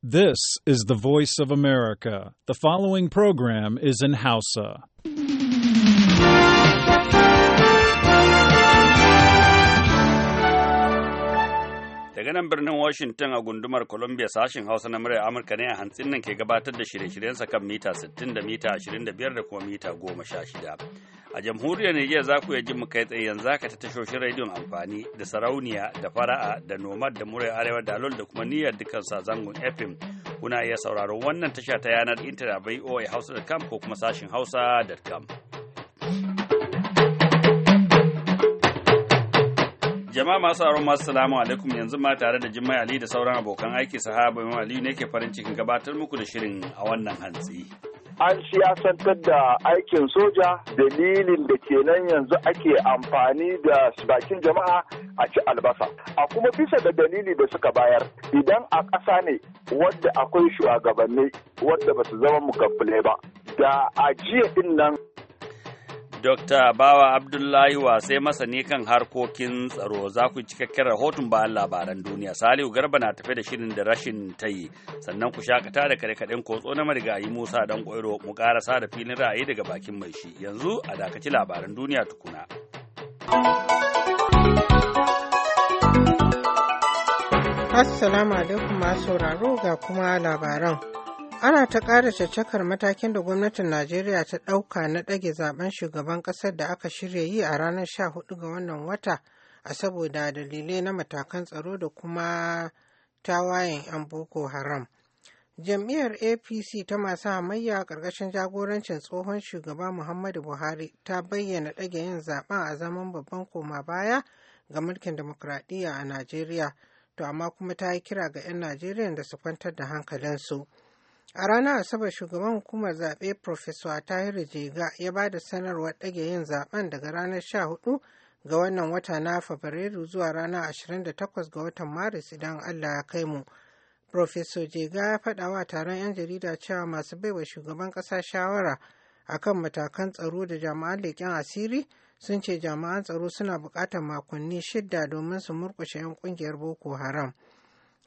This is the voice of America. The following program is in Hausa. Daga nan birnin Washington a gundumar Columbia sashen Hausa na muryar Amurka ne a hantsin nan ke gabatar da shirye-shiryensa kan mita 60 da mita 25 da kuma mita 16. A jamhuriyar Nijiyar za ku ji mu kai tsaye yanzu haka ta tashoshin rediyon amfani da sarauniya da fara'a da nomad da murai arewa da lol da kuma niyyar dukkan zangon FM. Kuna iya sauraro, wannan tasha ta yanar intanet bai hausa.com ko kuma sashin hausa.com. jama'a masu sauraron masu salamu alaikum yanzu ma tare da Jummai Ali da sauran abokan aiki sahaba Imam Ali ne ke farin cikin gabatar muku da shirin a wannan hantsi. an siyasantar da aikin soja dalilin da kenan yanzu ake amfani da bakin jama'a a ci albasa a kuma bisa da dalili da suka bayar idan a ƙasa ne wadda akwai shugabanni wadda ba su zama mukabbule ba da a jiya din nan Dokta Bawa Abdullahi Wasai masani kan harkokin tsaro za ku cikakken rahoton bayan labaran duniya. Salihu Garba na tafe da shirin da rashin ta yi, sannan ku shakata da kare-karen kotso na marigayi Musa dan Kwairo mu karasa da filin ra'ayi daga bakin mai shi. Yanzu a dakaci labaran duniya tukuna. Assalamu alaikum masu sauraro ga kuma labaran. Ana ta ƙara caccakar matakin da gwamnatin Najeriya ta ɗauka na ɗage zaben shugaban ƙasar da aka shirya yi a ranar 14 ga wannan wata a saboda dalilai na matakan tsaro da kuma tawayen 'yan Boko Haram. Jam'iyyar APC ta masu hamayya a ƙarƙashin jagorancin tsohon shugaba Muhammadu Buhari ta bayyana ɗage yin zaben a zaman babban koma baya ga mulkin demokuraɗiyya a Najeriya, to amma kuma ta yi kira ga 'yan Najeriya da su kwantar da hankalinsu. A ranar Asabar shugaban hukumar zaɓe Profesor Tahiru Jega ya ba da sanarwar ɗage yin zaɓen daga ranar 14 ga wannan wata na Fabrairu zuwa ranar 28 ga watan Maris idan Allah ya kai mu. Profesor Jega ya faɗa wa taron 'yan jarida cewa masu baiwa shugaban ƙasa shawara a kan matakan tsaro da jama'an leƙen asiri sun ce jama'an tsaro suna buƙatar makonni shidda domin su murƙushe 'yan ƙungiyar Boko Haram.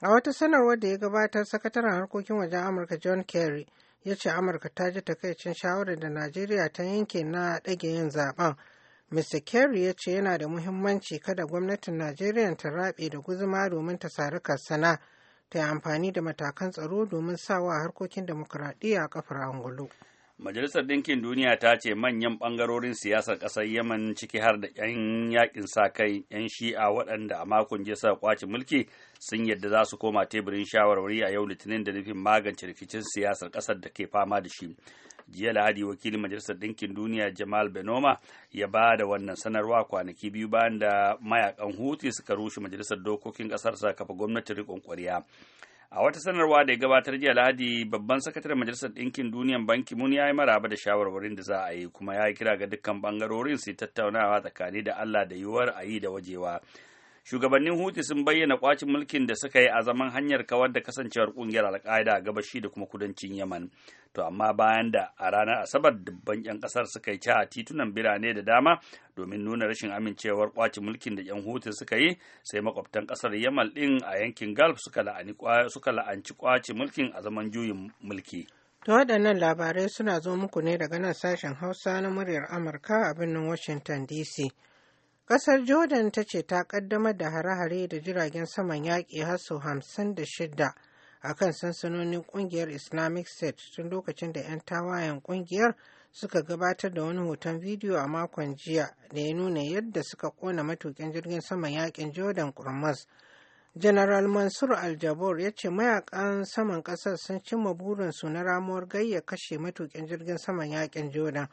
A wata sanarwar da ya gabatar sakataren harkokin wajen Amurka John Kerry ya ce Amurka ta ji takaicin shawarar da Najeriya ta yanke na ɗage yin zaben. Mr. Kerry ya ce yana da muhimmanci kada gwamnatin Najeriya ta raɓe da guzuma domin ta sari karsana ta yi amfani da matakan tsaro domin sawa harkokin demokuraɗiyya a kafar angulu. Majalisar Ɗinkin Duniya ta ce manyan ɓangarorin siyasar ƙasar Yaman ciki har da 'yan yaƙin sa kai 'yan shi'a waɗanda a makon jiya suka kwace mulki sun yadda za su koma teburin shawarwari a yau litinin da nufin magance rikicin siyasar ƙasar da ke fama da shi. Jiya Lahadi wakilin Majalisar Ɗinkin Duniya Jamal Benoma ya ba da wannan sanarwa kwanaki biyu bayan da mayakan Huti suka rushe Majalisar Dokokin ƙasar sa kafa gwamnati riƙon ƙwarya. a wata sanarwa da ya gabatar jiya lahadi babban sakataren majalisar ɗinkin Duniyar banki mun ya yi maraba da shawarwarin da za a yi kuma ya yi kira ga dukkan bangarorin su tattaunawa tsakani da allah da yiwuwar a yi da wajewa shugabannin huti sun bayyana kwacin mulkin da suka yi a zaman hanyar kawar da kasancewar kungiyar alƙaida a gabashi da kuma kudancin yaman to amma bayan da a ranar asabar dubban 'yan kasar suka yi ci a titunan birane da dama domin nuna rashin amincewar kwacin mulkin da 'yan hutu suka yi sai makwabtan kasar yamal din a yankin gulf suka la'anci kwacin mulkin a zaman juyin mulki To waɗannan labarai suna zo muku ne daga nan sashen Hausa na muryar Amurka a birnin Washington DC. Ƙasar Jordan ta ce ta ƙaddamar da hare-hare da jiragen saman yaƙi har sau hamsin da shida a kan sansanonin ƙungiyar Islamic State tun lokacin da 'yan tawayen ƙungiyar suka gabatar da wani hoton bidiyo a makon jiya da ya nuna yadda suka ƙona matuƙin jirgin saman yaƙin Jordan Kurmas. General Mansur Aljabor ya ce mayakan saman ƙasar sun cimma burinsu na ramuwar gayya kashe matuƙin jirgin saman yaƙin Jordan.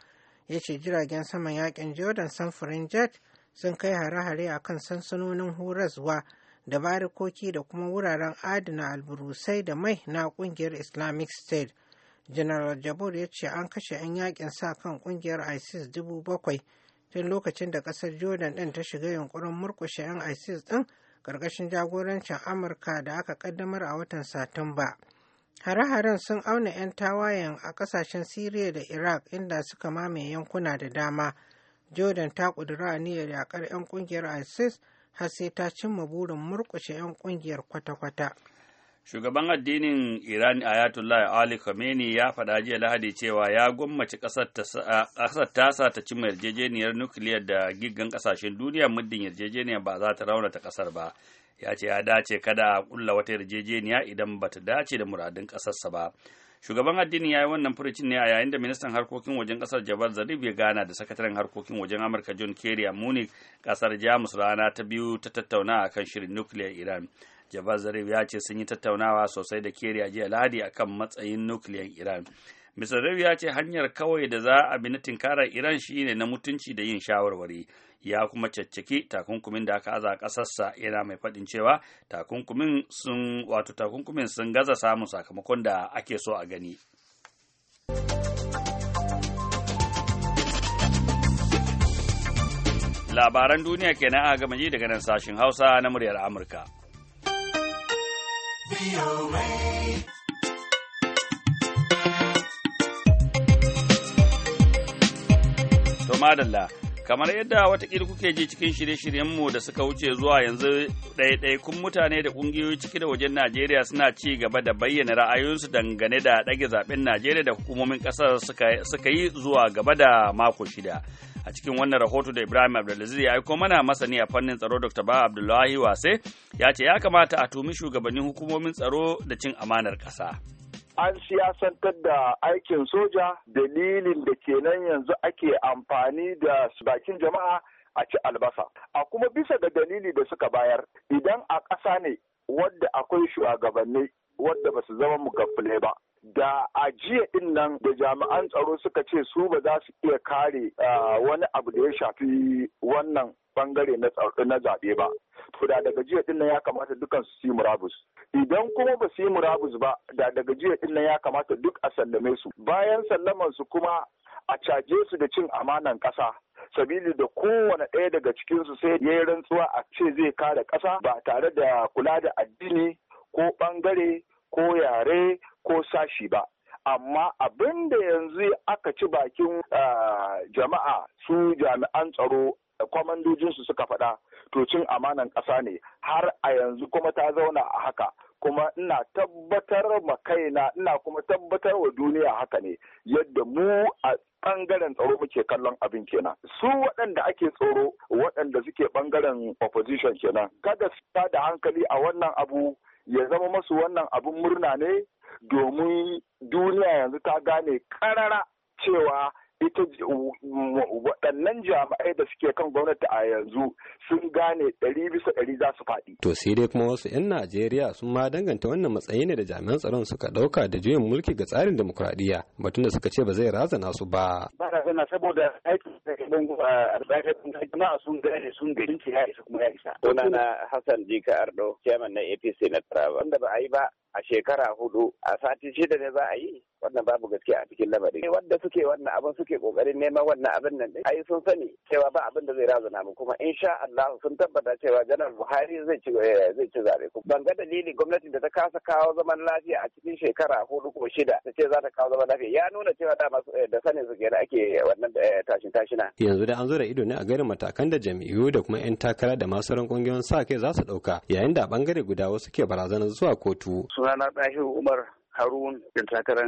Ya ce jiragen saman yaƙin Jordan samfurin jet sun kai hare-hare a kan sansanonin horaswa da barikoki da kuma wuraren adana alburusai da mai na kungiyar islamic state general jabur ya ce an kashe 'yan yakin sa kan kungiyar isis dubu bakwai tun lokacin da kasar jordan din ta shiga yunkurin murkushe 'yan isis din karkashin jagorancin amurka da aka kaddamar a watan satumba hare-haren sun auna 'yan tawayen a kasashen syria da iraq inda suka mamaye yankuna da dama jordan ta a aniyar yakar 'yan ƙungiyar isis har sai ta cimma burin murƙushe 'yan ƙungiyar kwata-kwata shugaban addinin iran ayatollah ali khamenei ya faɗa jiya lahadi cewa ya gwammaci ƙasar sa ta cimma yarjejeniyar nukiliyar da giggan ƙasashen duniya muddin yarjejeniyar ba za ta raunata ƙasar ba ya ce ya dace kada a ƙulla wata yarjejeniya idan ba ta dace da muradun ƙasarsa ba shugaban addinin ya yi wannan furucin ne a yayin da ministan harkokin wajen kasar jabal zarif ya gana da sakataren harkokin wajen amurka john kerry a munich kasar jamus rana ta biyu ta tattauna akan shirin nukiliyar iran jabal zarif ya ce sun yi tattaunawa sosai da kerry a jiya lahadi akan matsayin nukiliyar iran Mr. Rewi ya ce hanyar kawai da za a bi na tinkarar Iran shine na mutunci da yin shawarwari. Ya kuma cacciki takunkumin da aka aza kasarsa yana mai faɗin cewa takunkumin sun wato takunkumin sun gaza samun sakamakon da ake so a gani. Labaran duniya kenan a gamaji daga nan sashen Hausa na muryar Amurka. madalla kamar yadda wata watakila kuke ji cikin shirye-shiryenmu da suka wuce zuwa yanzu ɗaiɗaikun mutane da ƙungiyoyi ciki da wajen najeriya suna ci gaba da bayyana ra'ayoyinsu dangane da ɗage zaɓen najeriya da hukumomin ƙasar suka yi zuwa gaba da mako shida a cikin wannan rahoto da ibrahim abdulaziz ya aiko mana masani a fannin tsaro dr ba abdullahi wase ya ce ya kamata a tumi shugabannin hukumomin tsaro da cin amanar ƙasa. an siyasantar da aikin soja dalilin da kenan yanzu ake amfani da bakin jama'a a ci albasa. A kuma bisa ga dalili da suka bayar idan a ƙasa ne wadda akwai shugabanni wadda ba su zama mugaffule ba. Da a jiya din nan da jami'an tsaro suka ce su ba za su iya kare ah, wani abu da ya shafi wannan bangare na zaɓe ba. To da daga jiya din ya kamata dukan su yi murabus. Idan kuma ba su yi murabus ba da daga jiya din ya kamata duk a sallame su. Bayan sallaman su kuma a caje su da cin amanan ƙasa. sabili da kowane ɗaya daga cikinsu sai ya yi rantsuwa a ce zai kare ƙasa ba tare da kula da addini ko ɓangare ko yare ko sashi ba. Amma abin da yanzu aka ci bakin ah, jama'a su jami'an tsaro kwamandojinsu suka faɗa to cin amanan ƙasa ne har a yanzu kuma ta zauna a haka kuma ina tabbatar ma kaina ina kuma tabbatar wa duniya haka ne yadda mu a bangaren tsaro muke kallon abin kenan su waɗanda ake tsoro waɗanda suke bangaren opposition kenan kada su da hankali a wannan abu ya zama masu wannan abin murna ne domin duniya yanzu ta gane karara cewa ita waɗannan jami'ai da suke kan gwamnati a yanzu sun gane ɗari bisa ɗari za su faɗi. To sai dai kuma wasu 'yan Najeriya sun ma danganta wannan matsayi ne da jami'an tsaron suka ɗauka da juyin mulki ga tsarin demokuraɗiyya batun da suka ce ba zai raza nasu ba. Ba zana saboda aikin da ke bango a jama'a sun gane sun gani ya isa kuma ya isa. Sunana Hassan Jika Ardo, chairman na APC na Taraba. Wanda ba a yi ba a shekara hudu a sati shida ne za a yi wannan babu gaskiya a cikin lamarin eh, wanda suke wannan abin suke kokarin neman wannan abin nan A ai sun sani cewa ba abin da zai razana mu kuma insha Allah sun tabbata cewa janar Buhari zai ci eh, zai ci zabe ku ban ga dalili gwamnatin da ta kasa kawo zaman lafiya a cikin shekara hudu ko shida ta ce za ta kawo zaman lafiya ya nuna cewa dama eh, da sanin su kenan ake wannan tashin tashina yanzu da an zura ido ne a garin matakan da jami'u da kuma yan takara da masu ran kungiyoyin sa kai za su dauka yayin da a bangare guda wasu ke barazanar zuwa kotu sunana ɗahiru umar Harun da takarar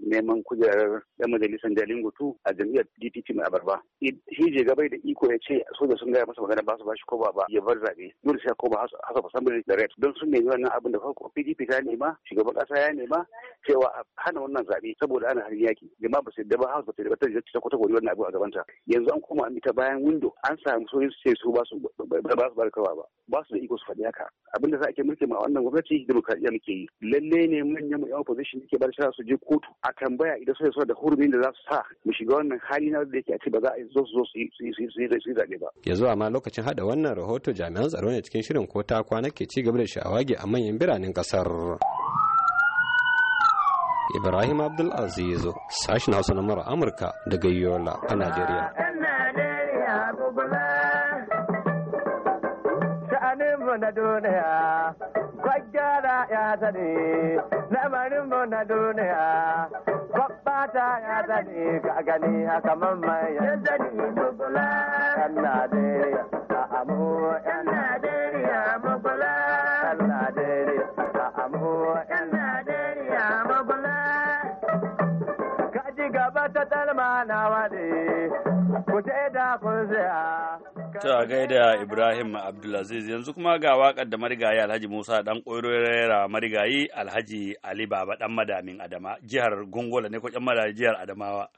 neman kujerar ɗan majalisar Jalin Gutu a jam'iyyar DPP mai abarba. Hije gabai da iko ya ce soja sun gaya masa magana ba su ba shi koba ba ya bar zaɓe. Dole sai koba hasa samun da red don sun nemi wannan abin da farko PDP ta nema shugaban ƙasa ya nema cewa a hana wannan zaɓe saboda ana harin yaki. Jama'a ba su yadda ba House ba su yadda ta kwata gori wannan abu a gabanta. Yanzu an koma an bi ta bayan windo an samu soyin su ce su ba su ba su barkawa ba. Ba su da iko su faɗi haka. Abin da za a ke mulki ma wannan gwamnati demokradiyya muke yi. Lalle ne manyan mu 'yan opposition yake bar shara su je kotu a tambaya idan suka sa da hurumin da za su sa mu shiga wannan hali na da yake a ce ba za a zo su zo su yi zaɓe ba. yanzu amma lokacin hada wannan rahoto jami'an tsaro ne cikin shirin ko ta kwana ke ci gaba da sha'awage a manyan biranen kasar. Ibrahim Abdulaziz, sashen Hausa na mara Amurka daga Yola a Najeriya. Bagyara ya sani, lamarin mu na duniya, babbata ya sani, ka gani haka mamman ya sani mugula. Yan Najeriya, a amu yan Najeriya ya Yan Najeriya, a amu yan Najeriya mugula. Ka ji gaba ta talma na wadi kuteda ce da kun ta gaida Ibrahim Abdulaziz yanzu kuma ga wakar da marigayi Alhaji Musa dan rera marigayi Alhaji Ali Baba dan madamin Adama jihar Gongola ne ko dan madamin jihar Adamawa.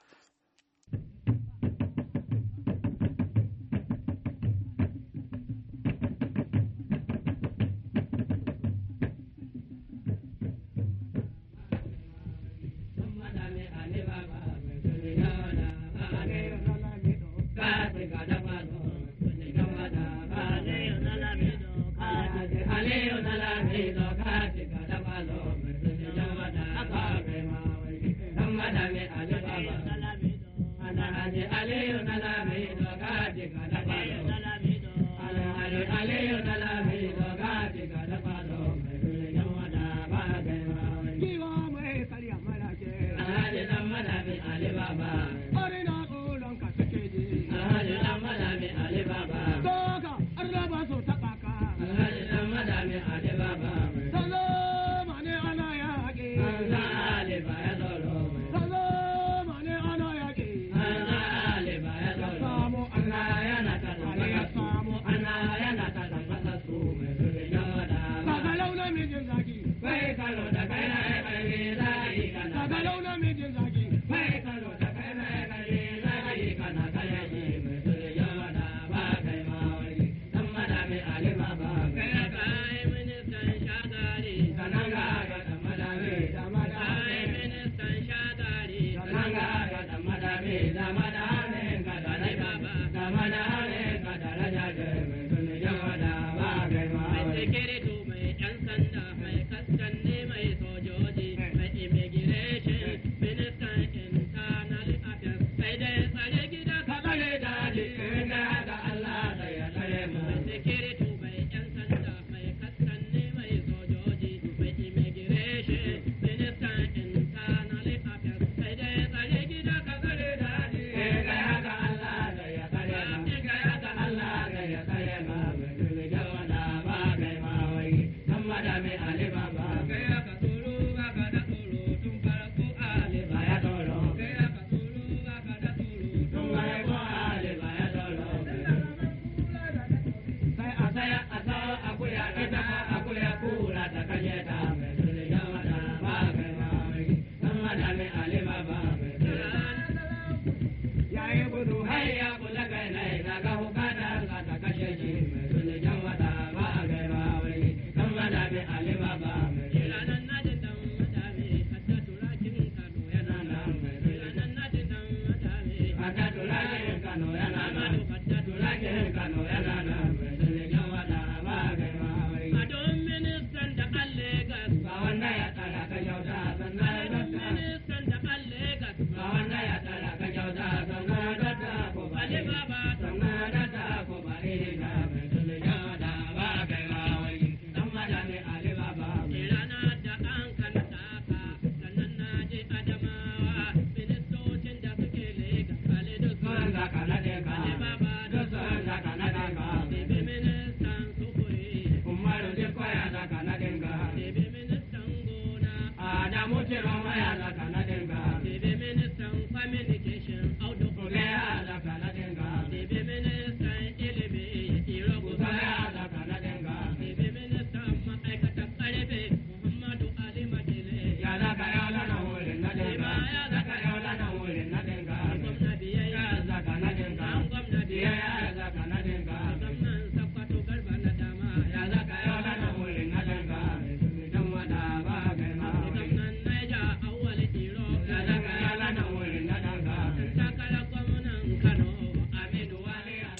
no, no,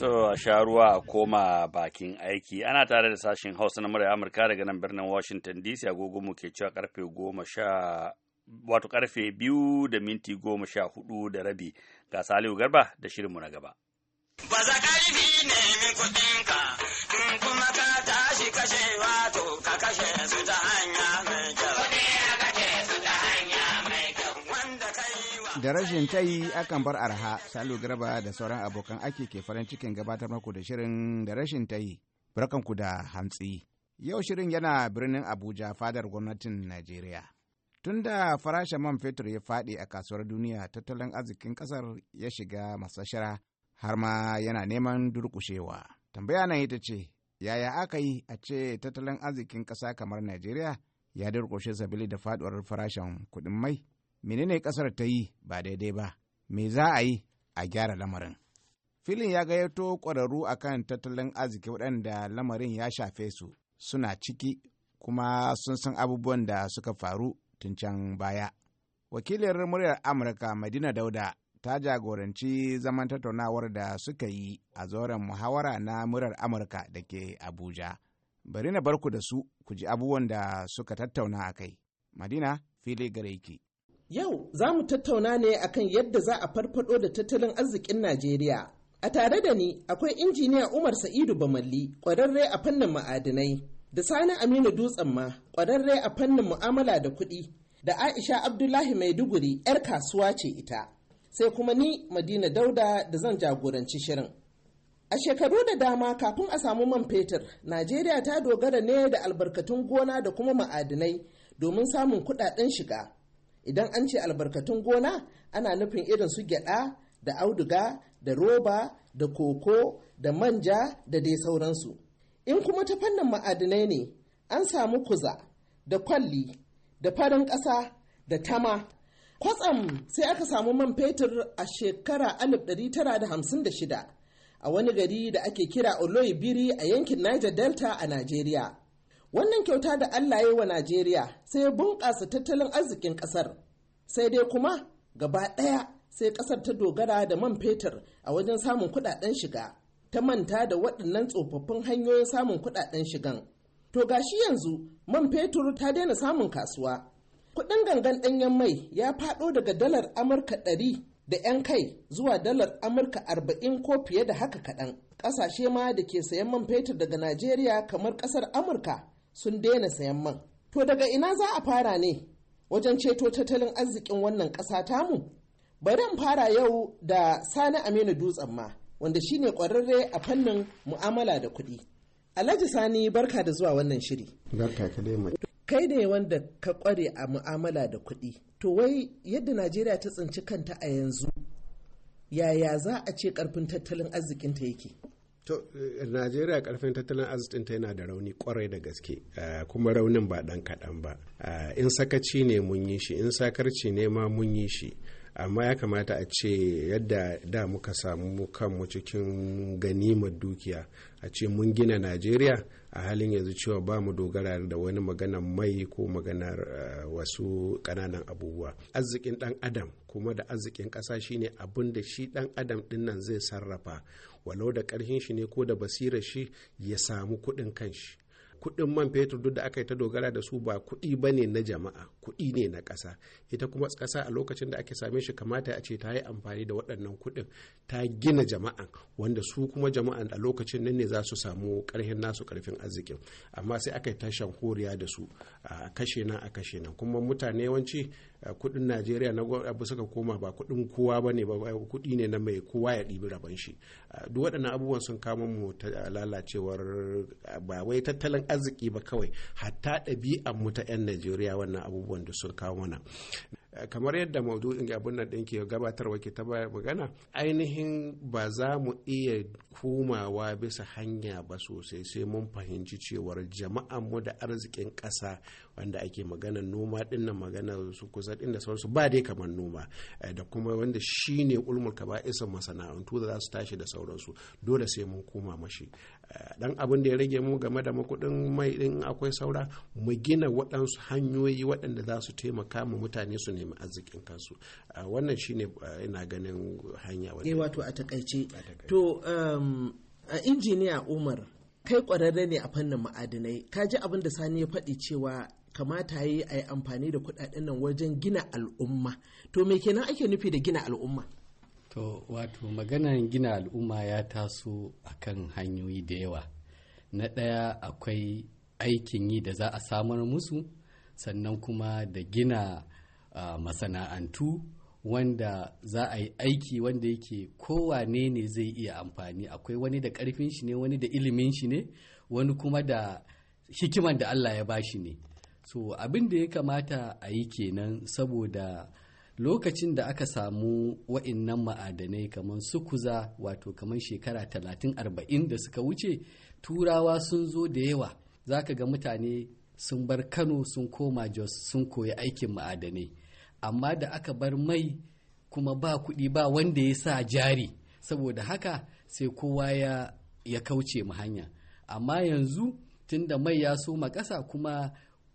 To a sha ruwa a koma bakin aiki. Ana tare da sashen Hausa na murya Amurka daga nan birnin Washington DC agogo mu ke cewa karfe goma sha wato karfe biyu da minti goma sha hudu da rabi ga Salihu Garba da shirinmu na gaba. kuma ka tashi kashe wato ka kashe su ta hanya da rashin ta yi akan bar arha salu garba da sauran abokan aiki ke farin cikin gabatar maku da shirin da rashin ta yi barkanku da hantsi yau shirin yana birnin abuja fadar gwamnatin najeriya tun da farashin man fetur ya faɗi a kasuwar duniya tattalin arzikin ƙasar ya shiga masashara har ma yana neman durƙushewa tambaya nan ita ce yaya aka yi a ce tattalin arzikin ƙasa kamar najeriya ya durƙushe sabili da faɗuwar farashin kuɗin mai menene kasar ta yi ba daidai ba me za a yi a gyara lamarin filin ya gayyato ƙwararru akan tattalin arziki waɗanda lamarin ya shafe su suna ciki kuma sun san abubuwan da suka faru tun can baya wakilin muryar amurka madina dauda ta jagoranci zaman tattaunawar da suka yi a zoren muhawara na murar amurka da ke abuja bari na barku da su ku ji abubuwan da suka tattauna a kai madina fili gare Yau za mu tattauna ne akan yadda za a farfado da tattalin arzikin Najeriya. A tare da ni akwai injiniya Umar Sa'idu Bamalli, ƙwararre a fannin ma'adinai, da Sani Aminu Dutsen ma, ƙwararre a fannin mu'amala da kuɗi, da Aisha Abdullahi Maiduguri 'yar kasuwa ce ita. Sai kuma ni Madina Dauda da zan jagoranci shirin. A shekaru da dama kafin a samu man fetur, Najeriya ta dogara ne da albarkatun gona da kuma ma'adinai domin samun kuɗaɗen shiga. idan an ce albarkatun gona ana nufin irin su gyada da auduga da roba da koko da manja da dai sauransu in kuma ta fannin ma'adinai ne an samu kuza da kwalli da farin ƙasa da tama kwatsam sai aka samu man fetur a shekara 1956 a wani gari da ake kira oloibiri a yankin niger delta a Najeriya. Wannan kyauta da Allah ya yi wa Najeriya sai ya bunƙasa tattalin arzikin ƙasar. Sai dai kuma gaba ɗaya sai ƙasar ta dogara da man fetur a wajen samun kuɗaɗen shiga. Ta manta da waɗannan tsofaffin hanyoyin samun kuɗaɗen shigan. To gashi yanzu man fetur ta daina samun kasuwa. Kuɗin gangan ɗanyen mai ya faɗo daga dalar Amurka ɗari da 'yan kai zuwa dalar Amurka arba'in ko fiye da haka kaɗan. Ƙasashe ma da ke sayan man fetur daga Najeriya kamar ƙasar Amurka sun daina sayan man to daga ina za a fara ne wajen ceto tattalin arzikin wannan ƙasa tamu bari in fara yau da sani aminu dutsen ma wanda shine ƙwararre a fannin mu'amala da kuɗi alhaji sani barka da zuwa wannan shiri kai ne wanda ka ƙware a mu'amala da kuɗi to wai yadda najeriya ta tsinci kanta a yanzu yaya za a ce ƙarfin tattalin arzikinta yake To, eh, Najeriya karfin tattalin arzikinta yana da rauni kwarai da gaske, eh, kuma raunin ba ɗan kaɗan ba. Eh, in sakaci ne mun yi shi, in sakarci ne ma mun yi shi. amma ya kamata a ce yadda da muka samu kanmu cikin ganimar dukiya a ce mun gina najeriya a halin yanzu cewa ba mu dogara da wani magana mai ko maganar wasu ƙananan abubuwa arzikin ɗan adam kuma da arzikin ƙasa shine abin da shi ɗan adam dinnan zai sarrafa walau da karhin shi ne ko da basira shi ya samu kuɗin kanshi kuɗin man fetur duk da aka yi ta dogara da su ba kuɗi ba ne na jama'a kuɗi ne na ƙasa ita kuma ƙasa a lokacin da ake same shi kamata a ce ta yi amfani da waɗannan kuɗin ta gina jama'a wanda su kuma jama'an a lokacin nan ne za su samu ƙarfin nasu ƙarfin arzikin amma sai aka yi tashan koriya da su a kashe nan a kashe nan kuma mutane yawanci kuɗin najeriya na abu suka koma ba kuɗin kowa ba ne ba kuɗi ne na mai kowa ya ɗibi rabon shi duk waɗannan abubuwan sun kama mu ta lalacewar ba wai tattalin arziki ba kawai hatta ɗabi'an mu ta 'yan najeriya wannan abubuwan abubuwan da suka kawo mana kamar yadda maudu'in abin nan ɗinki gabatarwa ke ta magana ainihin ba za mu iya komawa bisa hanya ba sosai sai mun fahimci cewar jama'anmu da arzikin ƙasa wanda ake magana noma dinnan magana su kusa dinnan da sauransu ba dai kamar noma eh, da kuma wanda shine ulmul isan masana'antu da za su tashi da sauransu dole sai mun koma mashi eh, dan abin da ya rage mu game da makudin mai din akwai saura mu gina waɗansu hanyoyi waɗanda za su taimaka mu mutane su ne nemi arzikin kansu wannan shine ina ganin hanya wani eh, wato a takaice to um, a injiniya umar kai kwararre ne a fannin ma'adinai ka ji abin da sani ya faɗi cewa kamata yi a yi amfani da kudaden nan wajen gina al'umma to me kenan ake nufi da gina al'umma to wato maganar gina al'umma ya taso akan hanyoyi da yawa na ɗaya akwai aikin yi da za a samar musu sannan kuma da gina masana'antu wanda za a yi aiki wanda yake kowane ne zai iya amfani akwai wani da karfin shi ne wani da ilimin shi ne wani kuma da hikiman da Allah ya ba shi ne so abin da ya kamata a yi kenan saboda lokacin da aka samu wa'innan ma'adanai kamar su kuza wato kamar shekara 30-40 da suka wuce turawa sun zo da yawa za ka ga mutane sun bar kano sun koma jos sun koyi aikin ma'adanai amma da aka bar mai kuma ba kuɗi ba wanda ya sa jari saboda haka sai kowa ya, ya kauce mu hanya amma yanzu tunda mai ya soma ƙasa kuma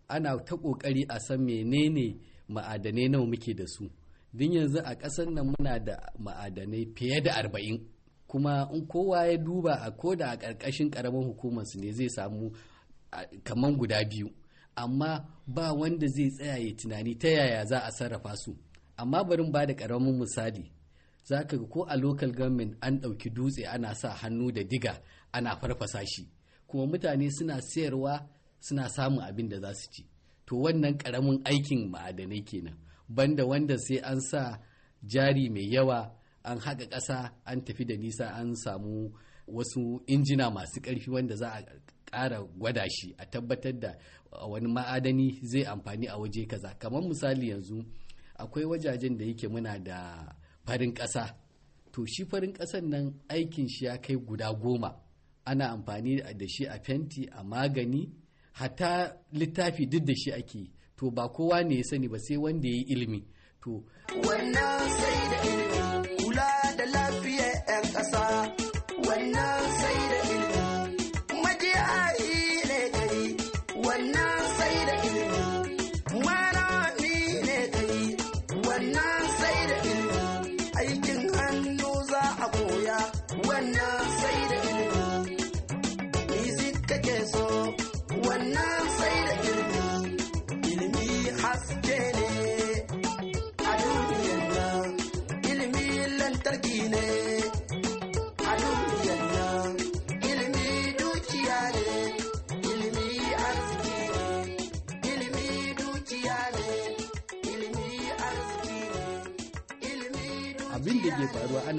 ana ta ƙoƙari a san menene ma'adanai nawa muke da su din yanzu a ƙasar nan muna da ma'adanai fiye da arba'in kuma in kowa ya duba a koda a ƙarƙashin ƙaramin hukumarsu ne zai samu kaman guda biyu amma ba wanda zai tsaya ya tunani ta yaya za a sarrafa su amma bari ba da ƙaramin misali za ka ga ko a local government an ɗauki dutse ana sa hannu da diga ana farfasa shi kuma mutane suna sayarwa suna samun abin da za su ci to wannan ƙaramin aikin ma'adanai kenan banda wanda sai an sa jari mai yawa an haka ƙasa an tafi da nisa an samu wasu injina masu ƙarfi wanda za a ƙara gwada shi a tabbatar da uh, wani ma'adani zai amfani a waje kaza kamar misali yanzu akwai wajajen da yake muna da farin ƙasa to shi farin ƙasan nan aikin shi ya kai guda goma ana amfani da shi a fenti a magani hata littafi duk da shi ake to ba kowa ne ya sani ba sai wanda ya yi ilimi to wannan sai da ilimi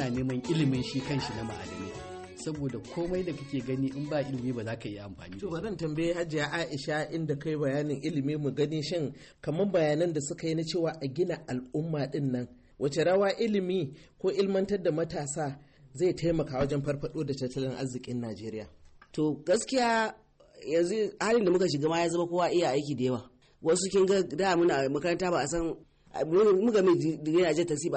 ana neman ilimin shi kanshi na ma'adanai saboda komai da kake gani in ba ilimi ba za ka yi amfani to zan tambaye hajiya aisha inda kai bayanin ilimi mu gani shin kamar bayanan da suka yi na cewa a gina al'umma din nan wace rawa ilimi ko ilmantar da matasa zai taimaka wajen farfado da tattalin arzikin najeriya to gaskiya yanzu halin da muka shiga ma ya zama kowa iya aiki da yawa wasu kin ga da muna makaranta ba a san muga mai digiri na jan tasi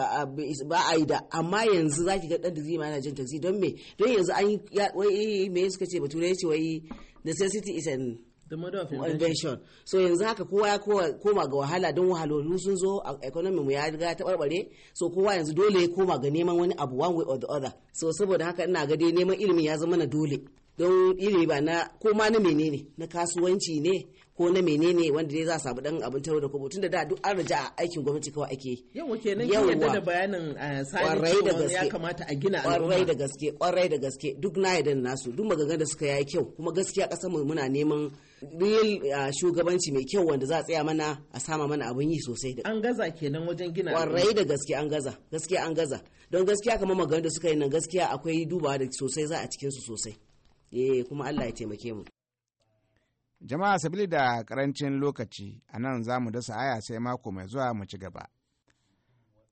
ba a yi da amma yanzu za ki ga dan digiri ma na jan tasi don me don yanzu an yi eh, me suka ce bature ya ce wai necessity is an invention so yanzu haka kowa ya koma ga wahala don wahalolu sun zo a economy mu ya riga ta barbare so kowa yanzu dole ya koma ga neman wani abu one way or the other so saboda haka ina ga dai neman ilimin ya zama na dole don ilimi ba na ko ma na menene na kasuwanci ne ko na menene wanda dai za a samu dan abin taro da kobo tunda da duk an raja a aikin gwamnati kawai ake yawa kenan kin yadda da bayanin ah, kwarai da gaske ya kamata a gina kwarai da gaske kwarai da gaske duk na yadda nasu duk maganganun da suka yayi kyau kuma gaskiya kasar mu muna neman real ah, shugabanci mai kyau wanda za a tsaya mana a sama mana abin yi sosai an gaza kenan wajen gina kwarai da gaske an gaza gaskiya an gaza don gaskiya kamar maganganun da suka yi nan gaskiya akwai dubawa da sosai za a cikin su sosai eh kuma Allah ya taimake mu Jama'a sabili da karancin lokaci a nan za mu dasa aya sai mako mai zuwa mu ci gaba.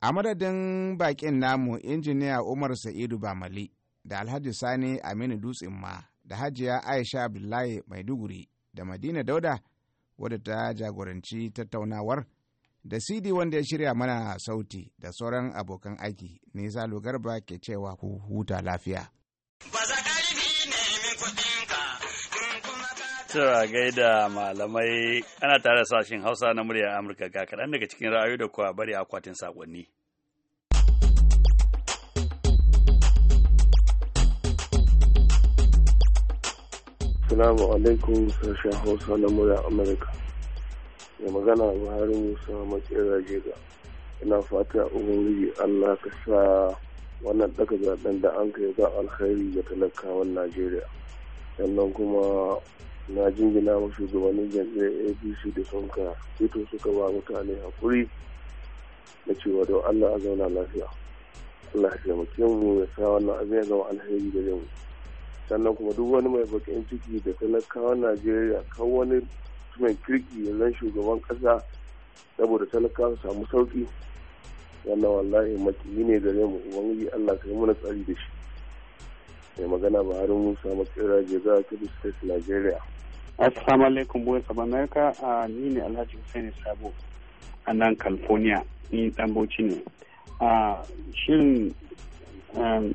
A madadin bakin namu injiniya Umar Sa'idu Bamali da Alhaji Sani Aminu Dutsen ma da Hajiya Aisha Abdullahi Maiduguri da Madina Dauda wadda ta jagoranci tattaunawar da CD wanda ya shirya mana sauti da sauran abokan aiki ne Zalo Garba ke cewa ku huta lafiya. Tura gaida malamai ana tare da sashen Hausa na muryar Amurka ga kaɗan daga cikin ra'ayoyi da kuwa bari akwatin saƙonni. Assalamu alaikum sashen Hausa na murya Amurka. Mai magana Buhari Musa Makera Jega. Ina fata Ubangiji Allah ka sa wannan daga zaɓen da an kai ga alkhairi ga talakawan Najeriya. Sannan kuma na jingina wa shugabannin jam'iyyar apc da sun ka fito suka ba mutane hakuri na cewa don allah a zauna lafiya allah ya taimake mu ya sa wannan abin ya zama alheri da yau sannan kuma duk wani mai bakin ciki da talakawa najeriya kan wani mai kirki yanzu shugaban kasa saboda talakawa samu sauki wannan wallahi maki ne gare mu ubangiji allah ka yi mana tsari da shi mai magana harin Musa Makera za Kudu State Nigeria. Assalamu alaikum Voice of America a ah, ni ne Alhaji Hussein Sabo a nan California ni dan Bauchi ne. A ah, shirin um,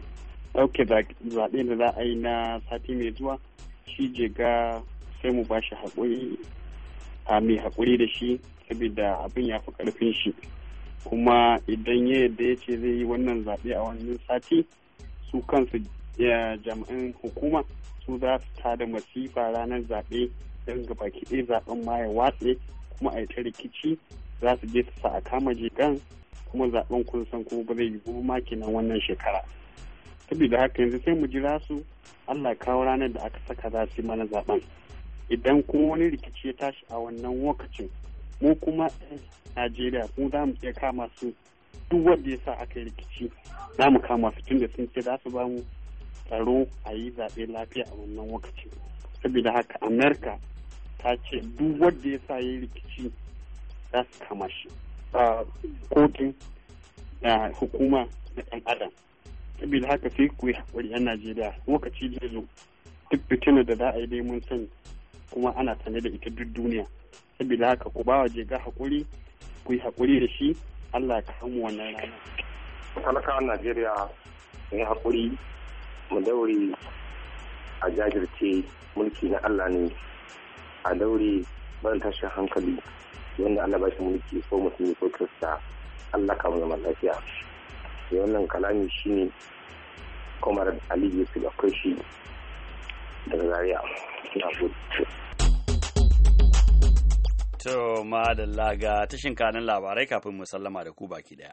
ɗauke zaɓe da za a yi na sati mai zuwa shi je ga sai mu ba shi haƙuri a mai haƙuri da shi saboda abin ya fi ƙarfin shi kuma idan ya yadda ya ce zai yi wannan zaɓe a wannan sati su kansu jami'an hukuma su za su tada masifa ranar zaɓe don ga baki ɗaya zaɓen ma watse kuma a yi ta rikici za su je su sa a kama jikan kuma zaɓen kun san kuma ba zai yiwu ma kenan wannan shekara saboda haka yanzu sai mu jira su Allah kawo ranar da aka saka za su yi mana zaɓen idan kuma wani rikici ya tashi a wannan lokacin mu kuma Najeriya mu za mu iya kama su duk wanda ya sa aka yi rikici za mu kama su tun da sun ce za su ba mu tsaro a yi zaɓe lafiya a wannan wakacin saboda haka amerika ta ce duk wanda ya sa ya yi rikici za su kama shi kotun da hukuma na ɗan adam saboda haka sai ku yi haƙuri a najeriya lokaci zai zo duk fitina da za a yi dai mun sani kuma ana sane da ita duk duniya saboda haka ku bawa jega haƙuri ku yi haƙuri da shi allah ka hamu wannan rana talakawan najeriya ne haƙuri mu daure a jajirce mulki na Allah ne a daure ban tashin hankali wanda Allah ba shi mulki ko mutum ko kirista Allah ka mu zaman lafiya da wannan kalami shine Komar Ali Yusuf da shi daga Zaria na To madalla ga tashin kanin labarai kafin mu sallama da ku baki daya.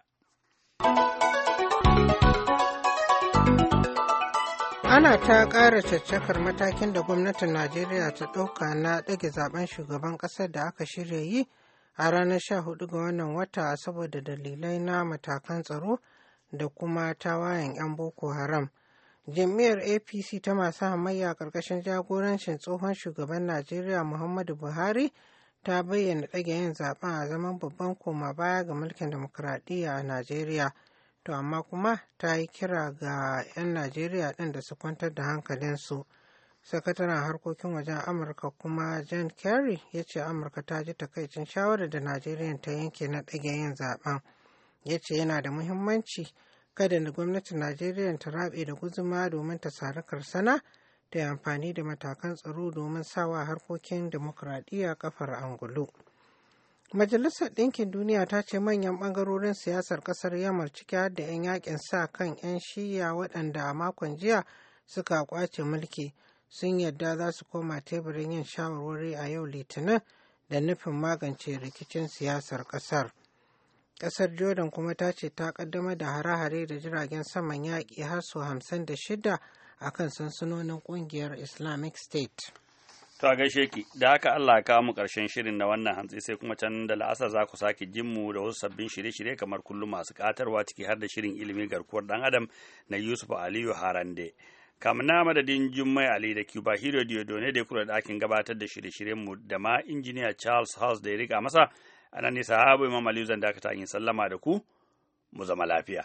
ana ta ƙara caccakar matakin da gwamnatin najeriya ta ɗauka na ɗage zaben shugaban ƙasar da aka shirya yi a ranar 14 ga wannan wata saboda dalilai na matakan tsaro da kuma tawayen 'yan boko haram jam'iyyar apc ta masu hamayya ƙarƙashin jagorancin tsohon shugaban najeriya muhammadu buhari ta bayyana ɗage yin zaben a zaman babban koma baya ga mulkin demokuraɗiyya a najeriya to amma kuma ta yi kira ga 'yan najeriya ɗin da su kwantar da hankalinsu sakataren harkokin wajen amurka kuma john kerry ya ce amurka ta ji takaicin shawarar da najeriya ta yanke na ɗage yin zaben ya ce yana da muhimmanci kada da gwamnatin najeriya ta rabe da guzuma domin ta sari karsana da amfani da matakan tsaro domin sawa harkokin dimokuraɗiyya kafar angulu. Majalisar Ɗinkin Duniya ta ce manyan ɓangarorin siyasar ƙasar Yamar ciki har da 'yan yakin sa kan 'yan shiya waɗanda a makon jiya suka kwace mulki sun yadda za su koma teburin yin shawarwari a yau Litinin da nufin magance rikicin siyasar ƙasar. Ƙasar Jordan kuma ta ce ta ƙaddamar da hare-hare da jiragen saman yaƙi har su 56 a kan sansanonin ƙungiyar Islamic State. To a gaishe ki, da haka Allah ka mu ƙarshen shirin na wannan hantsi sai kuma can da la'asa za ku sake jin mu da wasu sabbin shirye-shirye kamar kullum masu ƙatarwa ciki har da shirin ilimi garkuwar ɗan adam na Yusuf Aliyu Harande. Kamun na madadin Jummai Ali da Cuba Hero Diodone da kula da ɗakin gabatar da shirye-shiryen mu da ma injiniya Charles House da ya riga masa a nan ne sahabu Imam Aliyu zan dakata in sallama da ku mu zama lafiya.